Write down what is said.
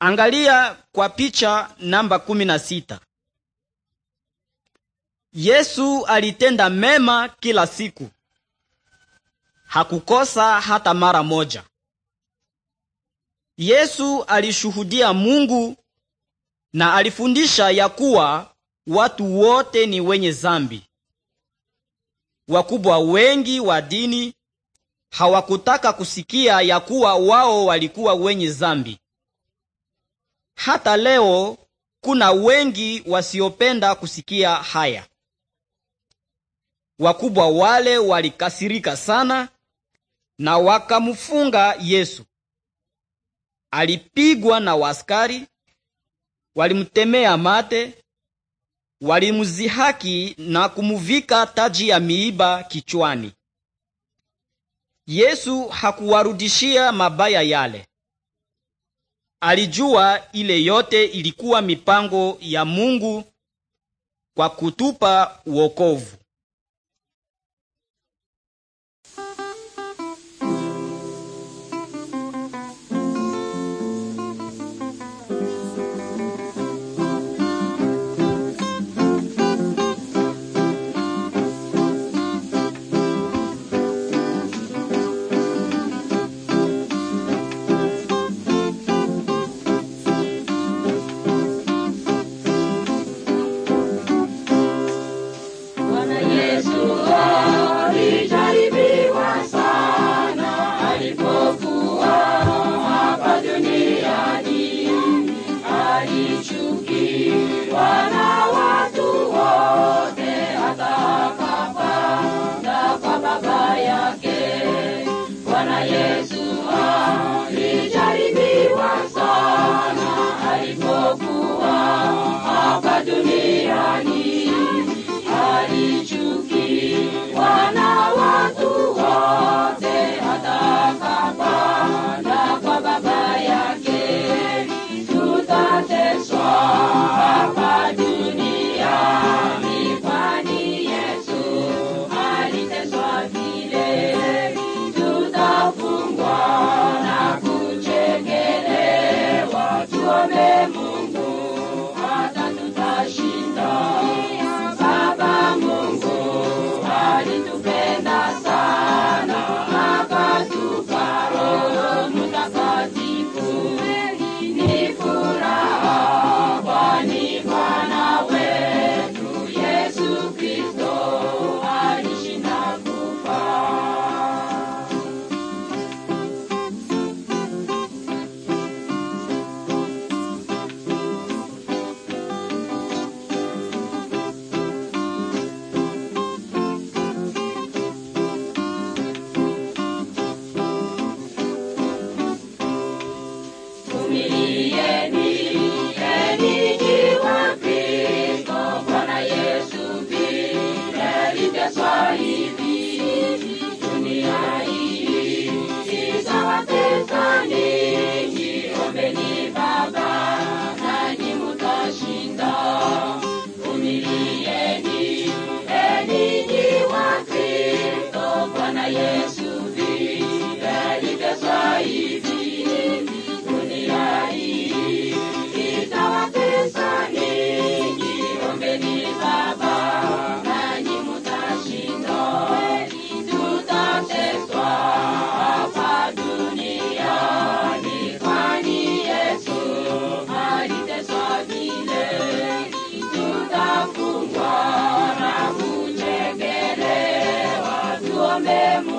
Angalia kwa picha namba kumi na sita. Yesu alitenda mema kila siku. Hakukosa hata mara moja. Yesu alishuhudia Mungu na alifundisha ya kuwa watu wote ni wenye zambi. Wakubwa wengi wa dini hawakutaka kusikia ya kuwa wao walikuwa wenye zambi. Hata leo kuna wengi wasiopenda kusikia haya. Wakubwa wale walikasirika sana na wakamfunga Yesu. Alipigwa na waskari, walimtemea mate, walimzihaki na kumuvika taji ya miiba kichwani. Yesu hakuwarudishia mabaya yale, Alijua ile yote ilikuwa mipango ya Mungu kwa kutupa wokovu. One Yeah. Amen.